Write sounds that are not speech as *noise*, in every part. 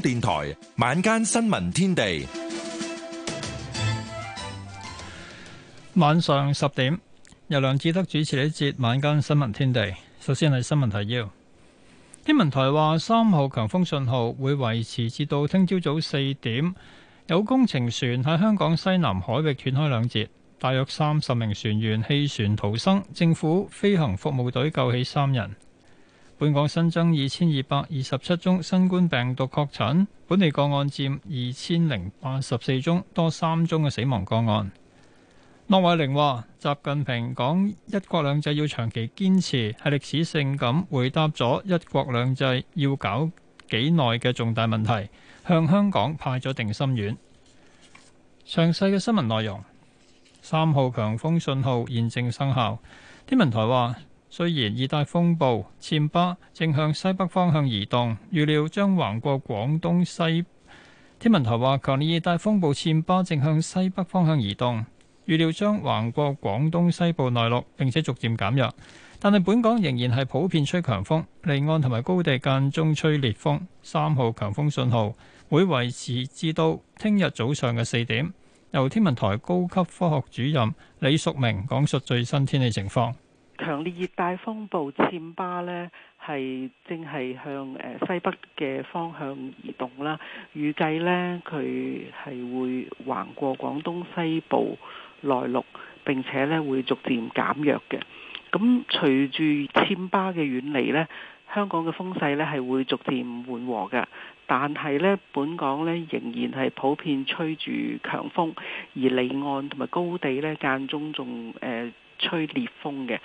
電台晚間新聞天地，晚上十點由梁志德主持呢一節晚間新聞天地。首先係新聞提要，天文台話三號強風信號會維持至到聽朝早四點。有工程船喺香港西南海域斷開兩節，大約三十名船員棄船逃生，政府飛行服務隊救起三人。本港新增二千二百二十七宗新冠病毒確診，本地個案佔二千零八十四宗，多三宗嘅死亡個案。駱惠寧話：習近平講一國兩制要長期堅持係歷史性咁回答咗一國兩制要搞幾耐嘅重大問題，向香港派咗定心丸。詳細嘅新聞內容，三號強風信號現正生效。天文台話。雖然熱帶風暴暹芭正向西北方向移動，預料將橫過廣東西。天文台話：強烈熱帶風暴暹芭正向西北方向移動，預料將橫過廣東西部內陸，並且逐漸減弱。但係本港仍然係普遍吹強風，離岸同埋高地間中吹烈風。三號強風信號會維持至到聽日早上嘅四點。由天文台高級科學主任李淑明講述最新天氣情況。強烈熱帶風暴暹巴呢係正係向誒、呃、西北嘅方向移動啦。預計呢，佢係會橫過廣東西部內陸，並且呢會逐漸減弱嘅。咁隨住暹巴嘅遠離呢，香港嘅風勢呢係會逐漸緩和嘅。但係呢，本港呢仍然係普遍吹住強風，而離岸同埋高地呢間中仲誒。呃吹烈風嘅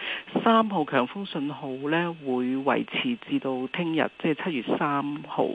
三號強風信號咧，會維持至到聽日，即係七月三號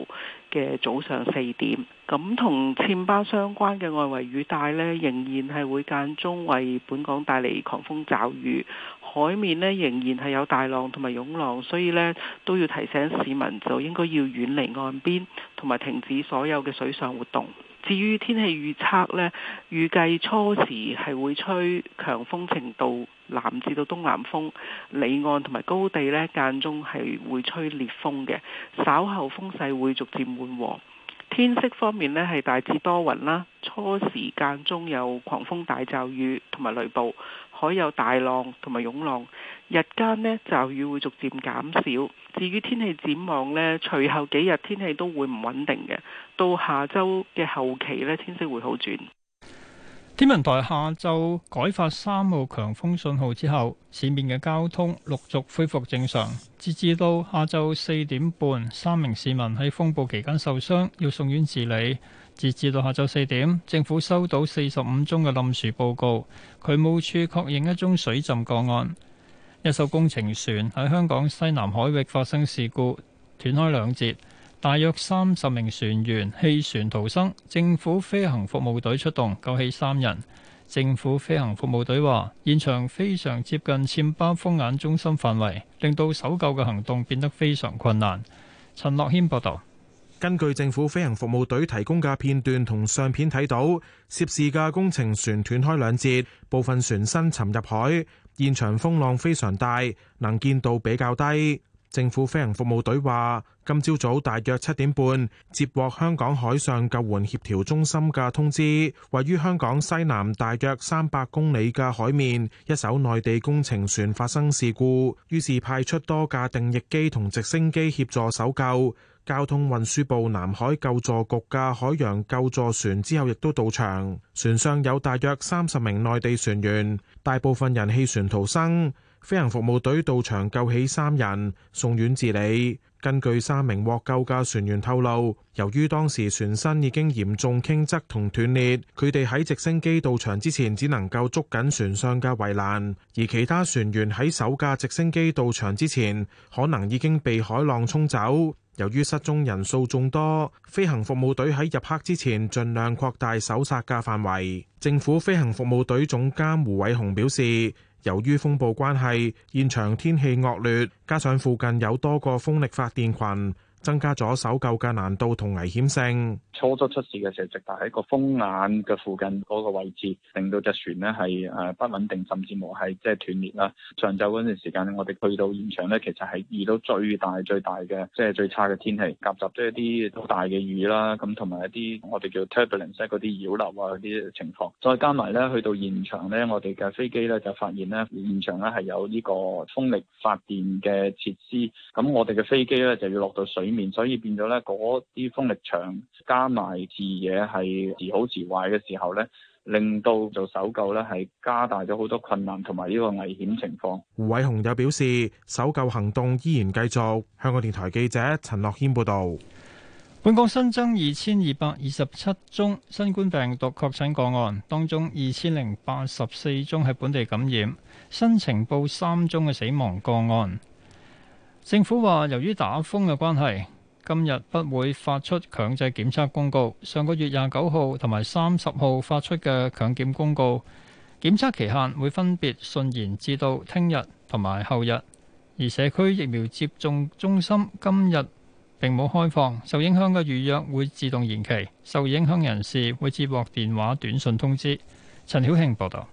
嘅早上四點。咁同暹芭相關嘅外圍雨帶呢，仍然係會間中為本港帶嚟狂風驟雨，海面呢，仍然係有大浪同埋湧浪，所以呢，都要提醒市民就應該要遠離岸邊，同埋停止所有嘅水上活動。至於天氣預測呢，預計初時係會吹強風程度南至到東南風，離岸同埋高地呢，間中係會吹烈風嘅。稍後風勢會逐漸緩和。天色方面呢，係大致多雲啦，初時間中有狂風大驟雨同埋雷暴。海有大浪同埋湧浪，日間咧驟雨會逐漸減少。至於天氣展望咧，隨後幾日天氣都會唔穩定嘅，到下周嘅後期咧，天色會好轉。天文台下晝改發三號強風信號之後，市面嘅交通陸續恢復正常。截至到下晝四點半，三名市民喺風暴期間受傷，要送院治理。截至到下晝四點，政府收到四十五宗嘅冧樹報告，渠務處確認一宗水浸個案。一艘工程船喺香港西南海域發生事故，斷開兩節。大約三十名船員棄船逃生，政府飛行服務隊出動救起三人。政府飛行服務隊話：現場非常接近佔巴風眼中心範圍，令到搜救嘅行動變得非常困難。陳樂軒報道。根據政府飛行服務隊提供嘅片段同相片睇到，涉事嘅工程船斷開兩截，部分船身沉入海。現場風浪非常大，能見度比較低。政府飛行服務隊話：今朝早，早大約七點半，接獲香港海上救援協調中心嘅通知，位於香港西南大約三百公里嘅海面，一艘內地工程船發生事故，於是派出多架定翼機同直升機協助搜救。交通運輸部南海救助局嘅海洋救助船之後亦都到場，船上有大約三十名內地船員，大部分人棄船逃生。飛行服務隊到場救起三人，送院治理。根據三名獲救嘅船員透露，由於當時船身已經嚴重傾側同斷裂，佢哋喺直升機到場之前只能夠捉緊船上嘅圍欄，而其他船員喺首架直升機到場之前，可能已經被海浪沖走。由於失蹤人數眾多，飛行服務隊喺入黑之前盡量擴大搜索嘅範圍。政府飛行服務隊總監胡偉雄表示。由於風暴關係，現場天氣惡劣，加上附近有多個風力發電群。增加咗搜救嘅難度同危險性。初初出事嘅時候，直達喺個風眼嘅附近嗰個位置，令到隻船咧係誒不穩定，甚至乎係即係斷裂啦。上晝嗰段時間咧，我哋去到現場咧，其實係遇到最大最大嘅即係最差嘅天氣夾雜咗一啲好大嘅雨啦，咁同埋一啲我哋叫 turbulence 嗰啲擾流啊啲情況再加埋咧，去到現場咧，我哋嘅飛機咧就發現咧，現場咧係有呢個風力發電嘅設施，咁我哋嘅飛機咧就要落到水。所以變咗呢，嗰啲風力場加埋字嘢係時好時壞嘅時候呢，令到做搜救呢，係加大咗好多困難同埋呢個危險情況。胡偉雄又表示，搜救行動依然繼續。香港電台記者陳樂軒報導。本港新增二千二百二十七宗新冠病毒確診個案，當中二千零八十四宗係本地感染，新呈報三宗嘅死亡個案。政府話，由於打風嘅關係，今日不會發出強制檢測公告。上個月廿九號同埋三十號發出嘅強檢公告，檢測期限會分別順延至到聽日同埋後日。而社區疫苗接種中心今日並冇開放，受影響嘅預約會自動延期，受影響人士會接獲電話短信通知。陳曉慶報道。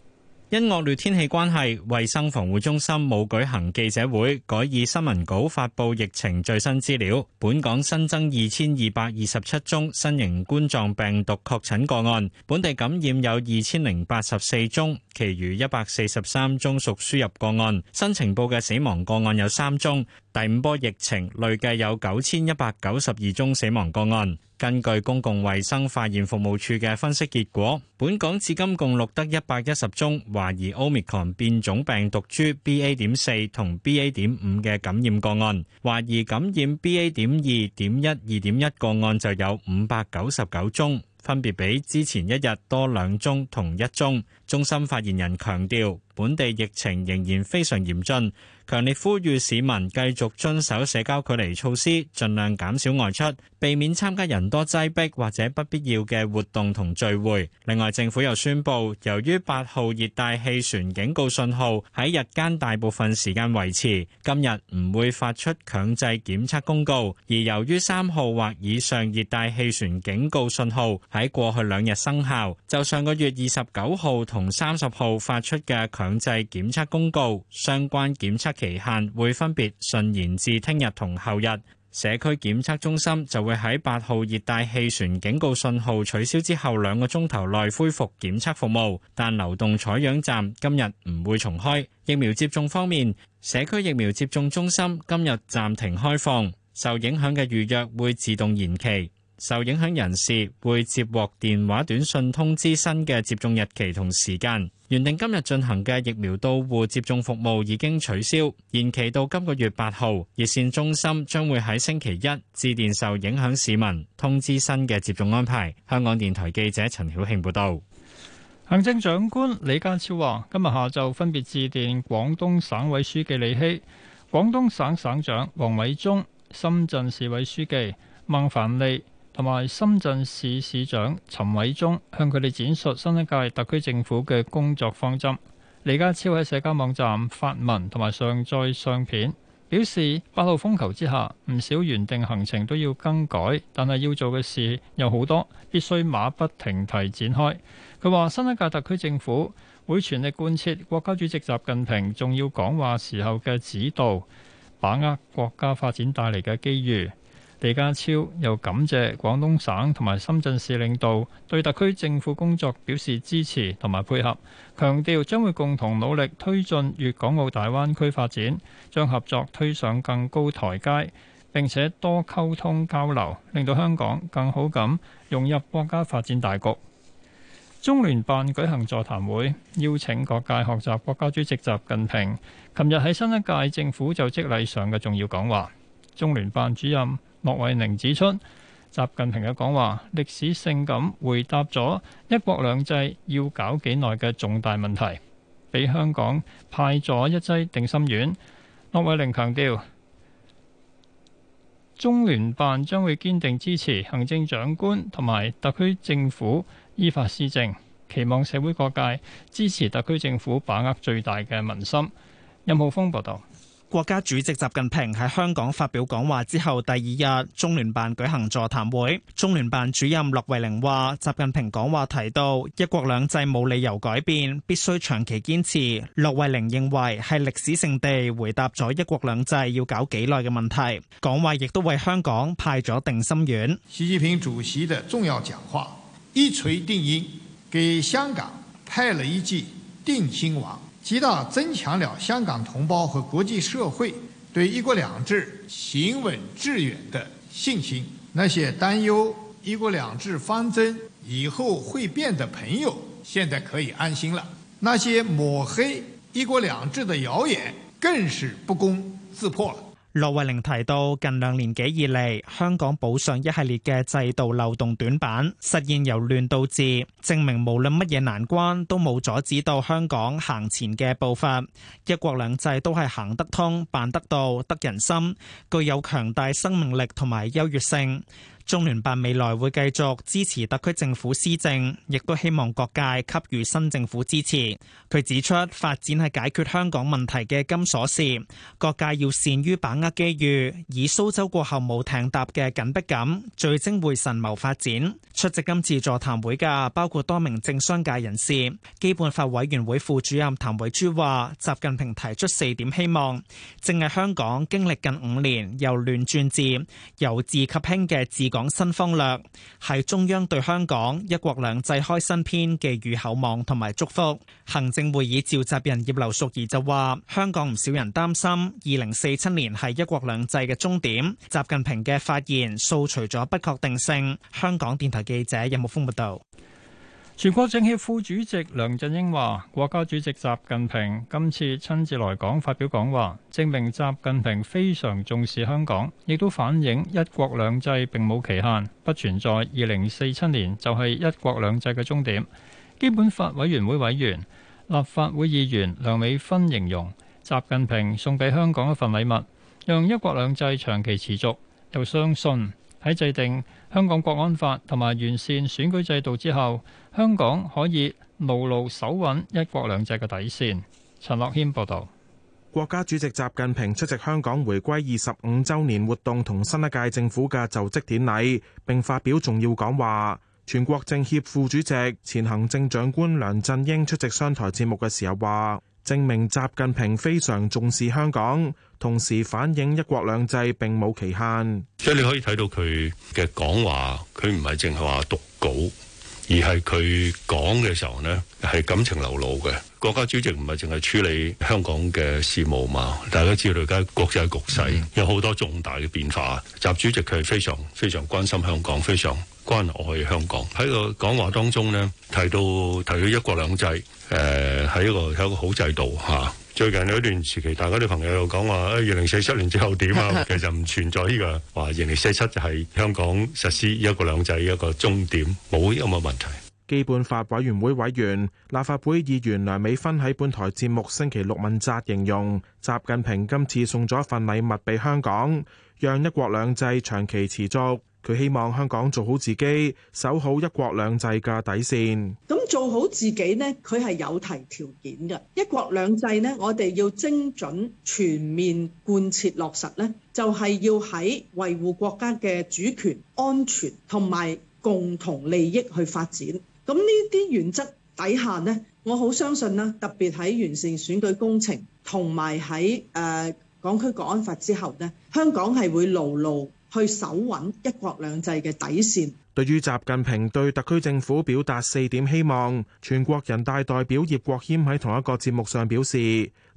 因惡劣天氣關係，衛生防護中心冇舉行記者會，改以新聞稿發佈疫情最新資料。本港新增二千二百二十七宗新型冠狀病毒確診個案，本地感染有二千零八十四宗，其餘一百四十三宗屬輸入個案。新呈報嘅死亡個案有三宗，第五波疫情累計有九千一百九十二宗死亡個案。根據公共衛生化驗服務處嘅分析結果，本港至今共錄得一百一十宗懷疑 Omicron 變種病毒株 BA.4 同 BA.5 嘅感染個案，懷疑感染 BA.2.12.1 個案就有五百九十九宗，分別比之前一日多兩宗同一宗。中心發言人強調，本地疫情仍然非常嚴峻，強烈呼籲市民繼續遵守社交距離措施，盡量減少外出，避免參加人多擠迫或者不必要嘅活動同聚會。另外，政府又宣佈由於八號熱帶氣旋警告信號喺日間大部分時間維持，今日唔會發出強制檢測公告，而由於三號或以上熱帶氣旋警告信號喺過去兩日生效，就上個月二十九號同 *coughs* 同三十號發出嘅強制檢測公告，相關檢測期限會分別順延至聽日同後日。社區檢測中心就會喺八號熱帶氣旋警告信號取消之後兩個鐘頭內恢復檢測服務，但流動採樣站今日唔會重開。疫苗接種方面，社區疫苗接種中心今日暫停開放，受影響嘅預約會自動延期。受影響人士會接獲電話、短信通知新嘅接種日期同時間。原定今日進行嘅疫苗到戶接種服務已經取消，延期到今個月八號。熱線中心將會喺星期一致電受影響市民，通知新嘅接種安排。香港電台記者陳曉慶報道。行政長官李家超話：今日下晝分別致電廣東省委書記李希、廣東省省長王偉中、深圳市委書記孟凡利。同埋深圳市市長陳偉忠，向佢哋展述新一屆特區政府嘅工作方針。李家超喺社交網站發文同埋上載相片，表示八號風球之下，唔少原定行程都要更改，但係要做嘅事有好多，必須馬不停蹄展開。佢話新一屆特區政府會全力貫徹國家主席習近平重要講話時候嘅指導，把握國家發展帶嚟嘅機遇。李家超又感謝廣東省同埋深圳市領導對特區政府工作表示支持同埋配合，強調將會共同努力推進粵港澳大灣區發展，將合作推上更高台階，並且多溝通交流，令到香港更好咁融入國家發展大局。中聯辦舉行座談會，邀請各界學習國家主席習近平琴日喺新一屆政府就職禮上嘅重要講話。中聯辦主任駱惠寧指出，習近平嘅講話歷史性咁回答咗一國兩制要搞幾耐嘅重大問題，俾香港派咗一劑定心丸。駱惠寧強調，中聯辦將會堅定支持行政長官同埋特區政府依法施政，期望社會各界支持特區政府把握最大嘅民心。任浩峯報道。國家主席習近平喺香港發表講話之後第二日，中聯辦舉行座談會。中聯辦主任駱惠寧話：習近平講話提到一國兩制冇理由改變，必須長期堅持。駱惠寧認為係歷史性地回答咗一國兩制要搞幾耐嘅問題。講話亦都為香港派咗定心丸。習近平主席的重要講話一錘定音，給香港派了一劑定心丸。極大增強了香港同胞和國際社會對“一國兩制”行穩致遠的信心。那些擔憂“一國兩制”方針以後會變的朋友，現在可以安心了。那些抹黑“一國兩制”的謠言，更是不攻自破了。駱惠寧提到，近兩年幾以嚟，香港補上一系列嘅制度漏洞短板，實現由亂到治，證明無論乜嘢難關都冇阻止到香港行前嘅步伐。一國兩制都係行得通、辦得到、得人心，具有強大生命力同埋優越性。中聯辦未來會繼續支持特區政府施政，亦都希望各界給予新政府支持。佢指出，發展係解決香港問題嘅金鎖匙，各界要善於把握機遇，以蘇州過後冇艇搭嘅緊迫感，聚精會神謀發展。出席今次座談會嘅包括多名政商界人士。基本法委員會副主任譚惠珠話：習近平提出四點希望，正係香港經歷近五年由亂轉治、由治及興嘅治港。新方略係中央對香港一國兩制開新篇寄予厚望同埋祝福。行政會議召集人葉劉淑儀就話，香港唔少人擔心二零四七年係一國兩制嘅終點。習近平嘅發言掃除咗不確定性。香港電台記者任木豐報道。全國政協副主席梁振英話：國家主席習近平今次親自來港發表講話，證明習近平非常重視香港，亦都反映一國兩制並冇期限，不存在二零四七年就係一國兩制嘅終點。基本法委員會委員、立法會議員梁美芬形容，習近平送畀香港一份禮物，讓一國兩制長期持續，又相信。喺制定香港國安法同埋完善選舉制度之後，香港可以牢牢守穩一國兩制嘅底線。陳樂謙報道。國家主席習近平出席香港回歸二十五周年活動同新一屆政府嘅就職典禮並發表重要講話，全國政協副主席、前行政長官梁振英出席商台節目嘅時候話。證明習近平非常重視香港，同時反映一國兩制並冇期限。即係你可以睇到佢嘅講話，佢唔係淨係話讀稿，而係佢講嘅時候呢係感情流露嘅。國家主席唔係淨係處理香港嘅事務嘛，大家知道而家國際局勢有好多重大嘅變化，習主席佢係非常非常關心香港，非常，關愛香港喺個講話當中呢，提到提到一國兩制，誒、呃、喺一個喺一,一個好制度嚇、啊。最近有一段時期，大家啲朋友又講話，二零四七年之後點啊？其實唔存在呢、這個話，二零四七就係香港實施一國兩制一個終點，冇咁嘅問題。基本法委員會委員、立法會議員梁美芬喺本台節目星期六問責，形容習近平今次送咗一份禮物俾香港，讓一國兩制長期持續。佢希望香港做好自己，守好一國兩制嘅底線。咁做好自己呢，佢係有提條件嘅。一國兩制呢，我哋要精準全面貫徹落實呢，就係要喺維護國家嘅主權、安全同埋共同利益去發展。咁呢啲原則底下呢，我好相信啦，特別喺完善選舉工程同埋喺誒港區國安法之後呢，香港係會牢牢。去守穩一國兩制嘅底線。對於習近平對特區政府表達四點希望，全國人大代表葉國謙喺同一個節目上表示，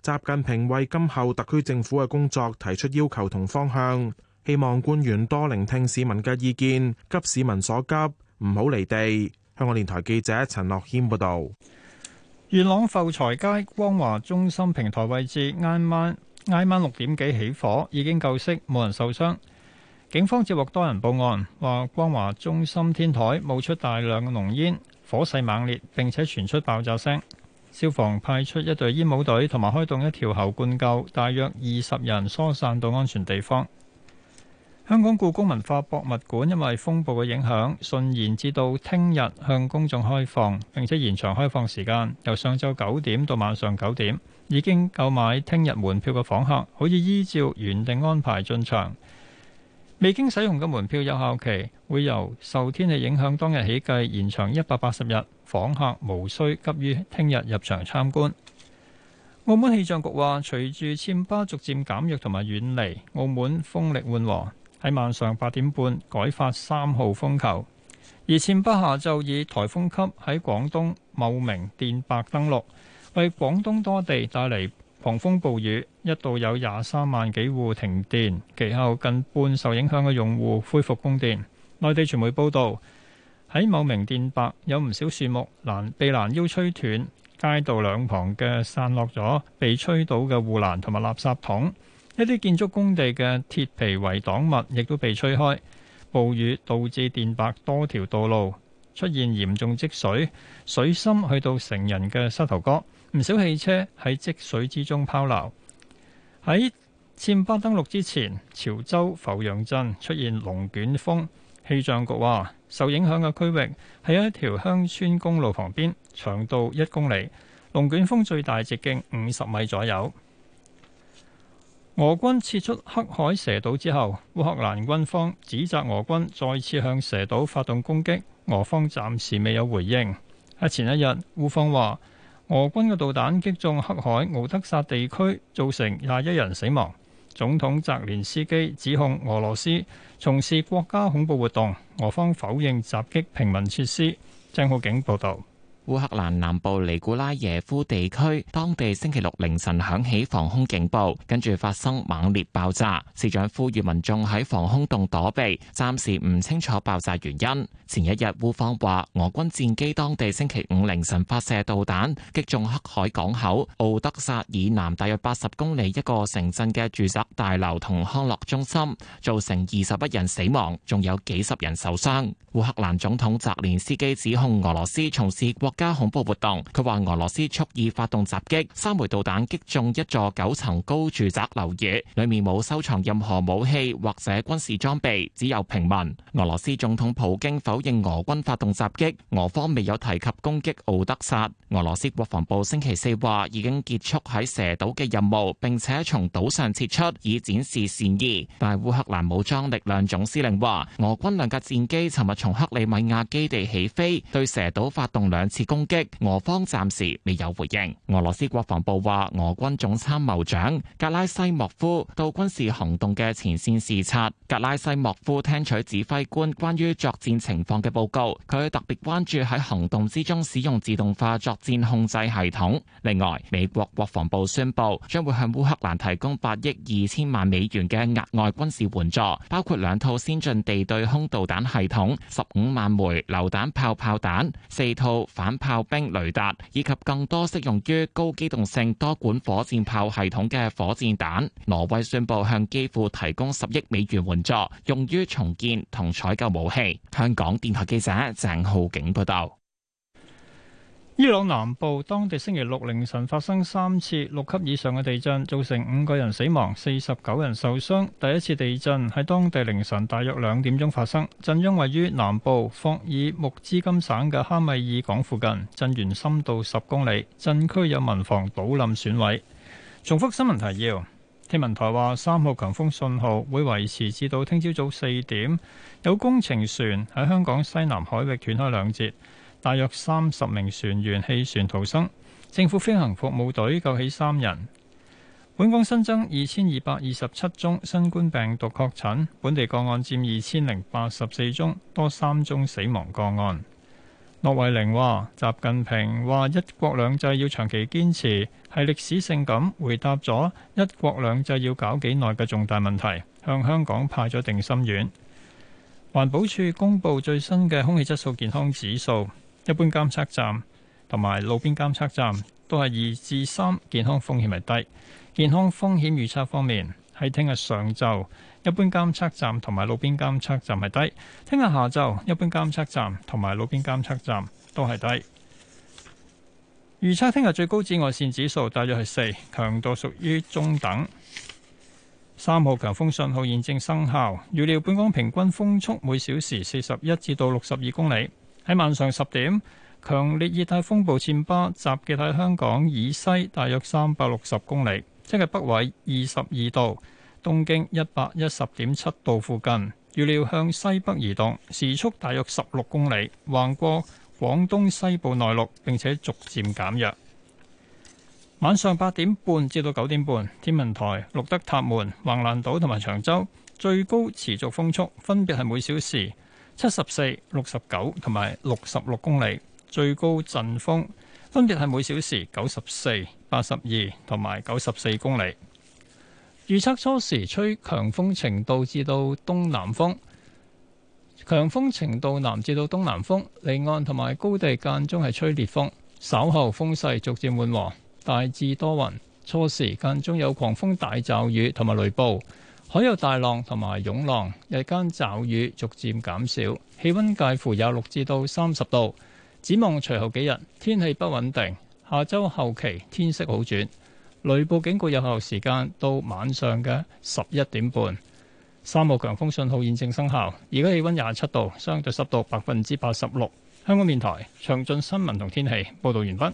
習近平為今後特區政府嘅工作提出要求同方向，希望官員多聆聽市民嘅意見，急市民所急，唔好離地。香港電台記者陳樂軒報導，元朗富財街光華中心平台位置，挨晚挨晚六點幾起火，已經救熄，冇人受傷。警方接獲多人報案，話光華中心天台冒出大量嘅濃煙，火勢猛烈，並且傳出爆炸聲。消防派出一隊煙霧隊，同埋開動一條喉灌救，大約二十人疏散到安全地方。香港故宮文化博物館因為風暴嘅影響，順延至到聽日向公眾開放，並且延長開放時間，由上晝九點到晚上九點。已經購買聽日門票嘅訪客可以依照原定安排進場。未經使用嘅門票有效期會由受天氣影響當日起計延長一百八十日，訪客無需急於聽日入場參觀。澳門氣象局話，隨住暹芭逐漸減弱同埋遠離，澳門風力緩和，喺晚上八點半改發三號風球。而暹芭下晝以颱風級喺廣東茂名電白登陸，為廣東多地帶嚟狂風暴雨一度有廿三萬幾戶停電，其後近半受影響嘅用戶恢復供電。內地傳媒報道，喺茂名電白有唔少樹木攔被攔腰吹斷，街道兩旁嘅散落咗被吹倒嘅護欄同埋垃圾桶，一啲建築工地嘅鐵皮圍擋物亦都被吹開。暴雨導致電白多條道路出現嚴重積水，水深去到成人嘅膝頭哥。唔少汽車喺積水之中拋錨。喺暹芭登陸之前，潮州浮洋鎮出現龍捲風。氣象局話，受影響嘅區域喺一條鄉村公路旁邊，長度一公里，龍捲風最大直徑五十米左右。俄軍撤出黑海蛇島之後，烏克蘭軍方指責俄軍再次向蛇島發動攻擊，俄方暫時未有回應。喺前一日，烏方話，俄軍嘅導彈擊中黑海敖德薩地區，造成廿一人死亡。總統澤連斯基指控俄羅斯從事國家恐怖活動，俄方否認襲擊平民設施。張浩景報導。烏克蘭南部尼古拉耶夫地區，當地星期六凌晨響起防空警報，跟住，發生猛烈爆炸。市長呼籲民眾喺防空洞躲避，暫時唔清楚爆炸原因。前一日烏方話，俄軍戰機當地星期五凌晨發射導彈，擊中黑海港口敖德薩以南大約八十公里一個城鎮嘅住宅大樓同康樂中心，造成二十一人死亡，仲有幾十人受傷。烏克蘭總統澤連斯基指控俄羅斯從事國。加恐怖活動，佢話俄羅斯蓄意發動襲擊，三枚導彈擊中一座九層高住宅樓宇，裏面冇收藏任何武器或者軍事裝備，只有平民。俄羅斯總統普京否認俄軍發動襲擊，俄方未有提及攻擊奧德薩。俄羅斯國防部星期四話已經結束喺蛇島嘅任務，並且從島上撤出，以展示善意。但烏克蘭武裝力量總司令話，俄軍兩架戰機尋日從克里米亞基地起飛，對蛇島發動兩次。攻擊，俄方暫時未有回應。俄羅斯國防部話，俄軍總參謀長格拉西莫夫到軍事行動嘅前線視察。格拉西莫夫聽取指揮官關於作戰情況嘅報告，佢特別關注喺行動之中使用自動化作戰控制系統。另外，美國國防部宣布將會向烏克蘭提供八億二千萬美元嘅額外軍事援助，包括兩套先進地對空導彈系統、十五萬枚榴彈炮炮彈、四套反。炮兵雷達以及更多適用於高機動性多管火箭炮系統嘅火箭彈。挪威宣布向基輔提供十億美元援助，用於重建同採購武器。香港電台記者鄭浩景報道。伊朗南部當地星期六凌晨發生三次六級以上嘅地震，造成五個人死亡、四十九人受傷。第一次地震喺當地凌晨大約兩點鐘發生，震央位於南部霍爾木茲金省嘅哈米爾港附近，震源深度十公里，震區有民房倒冧損毀。重複新聞提要：天文台話三號強風信號會維持至到聽朝早四點。有工程船喺香港西南海域斷開兩節。大約三十名船員棄船逃生，政府飛行服務隊救起三人。本港新增二千二百二十七宗新冠病毒確診，本地個案佔二千零八十四宗，多三宗死亡個案。駱惠寧話：習近平話一國兩制要長期堅持，係歷史性咁回答咗一國兩制要搞幾耐嘅重大問題，向香港派咗定心丸。環保署公布最新嘅空氣質素健康指數。一般監測站同埋路邊監測站都係二至三，健康風險係低。健康風險預測方面，喺聽日上晝，一般監測站同埋路邊監測站係低；聽日下晝，一般監測站同埋路邊監測站都係低。預測聽日最高紫外線指數大約係四，強度屬於中等。三號強風信號現正生效，預料本港平均風速每小時四十一至到六十二公里。喺晚上十點，強烈熱帶風暴暹芭集結喺香港以西大約三百六十公里，即係北緯二十二度、東經一百一十點七度附近，預料向西北移動，時速大約十六公里，橫過廣東西部內陸，並且逐漸減弱。晚上八點半至到九點半，天文台錄得塔門、橫瀾島同埋長洲最高持續風速分別係每小時七十四、六十九同埋六十六公里，最高陣風分別係每小時九十四、八十二同埋九十四公里。預測初時吹強風程度至到東南風，強風程度南至到東南風，離岸同埋高地間中係吹烈風。稍後風勢逐漸緩和，大致多雲。初時間中有狂風大驟雨同埋雷暴。海有大浪同埋湧浪，日間驟雨逐漸減少，氣溫介乎廿六至到三十度。展望隨後幾日天氣不穩定，下周後期天色好轉，雷暴警告有效時間到晚上嘅十一點半，三號強風信號現正生效。而家氣溫廿七度，相對濕度百分之八十六。香港電台詳盡新聞同天氣報道完畢。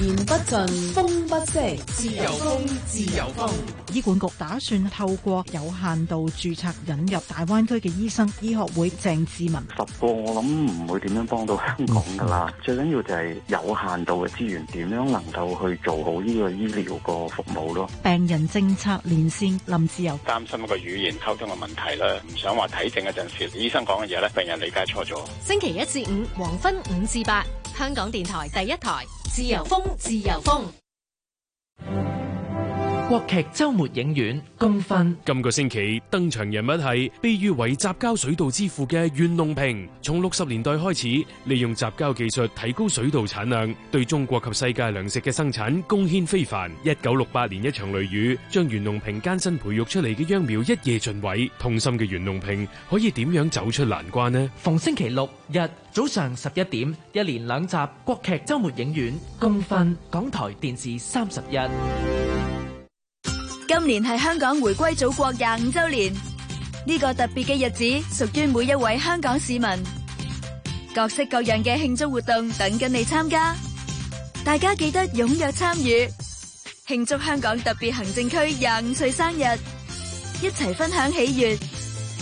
言不盡，風不息，自由風，自由風。醫管局打算透過有限度注冊引入大灣區嘅醫生。醫學會鄭志文：十個我諗唔會點樣幫到香港噶啦，最緊要就係有限度嘅資源點樣能夠去做好呢個醫療個服務咯。病人政策連線林志由擔心一個語言溝通嘅問題啦。唔想話睇症嗰陣時，醫生講嘅嘢咧，病人理解錯咗。星期一至五黃昏五至八。香港電台第一台，自由風，自由風。國劇周末影院功勳，今個星期登場人物係被譽為雜交水稻之父嘅袁隆平。從六十年代開始，利用雜交技術提高水稻產量，對中國及世界糧食嘅生產貢獻非凡。一九六八年一場雷雨，將袁隆平艱辛培育出嚟嘅秧苗一夜盡毀。痛心嘅袁隆平可以點樣走出難關呢？逢星期六日早上十一點，一連兩集國劇周末影院功勳，港台電視三十一。今年係香港回歸祖國廿五周年，呢個特別嘅日子屬於每一位香港市民。各式各樣嘅慶祝活動等緊你參加，大家記得踴躍參與，慶祝香港特別行政區廿五歲生日，一齊分享喜悅，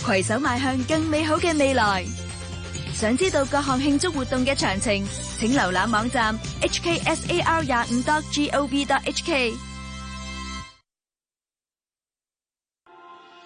攜手邁向更美好嘅未來。想知道各項慶祝活動嘅詳情，請瀏覽網站 hksar 廿五 .gov.hk。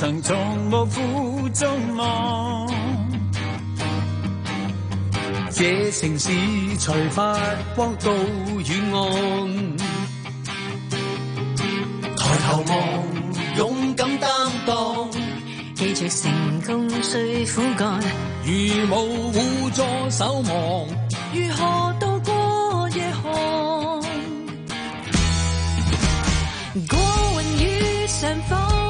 曾從無負中望，這城市才發光到遠岸。抬頭望，勇敢擔當，記着成功需苦幹。如無互助守望，如何渡過夜寒？過雲雨上方。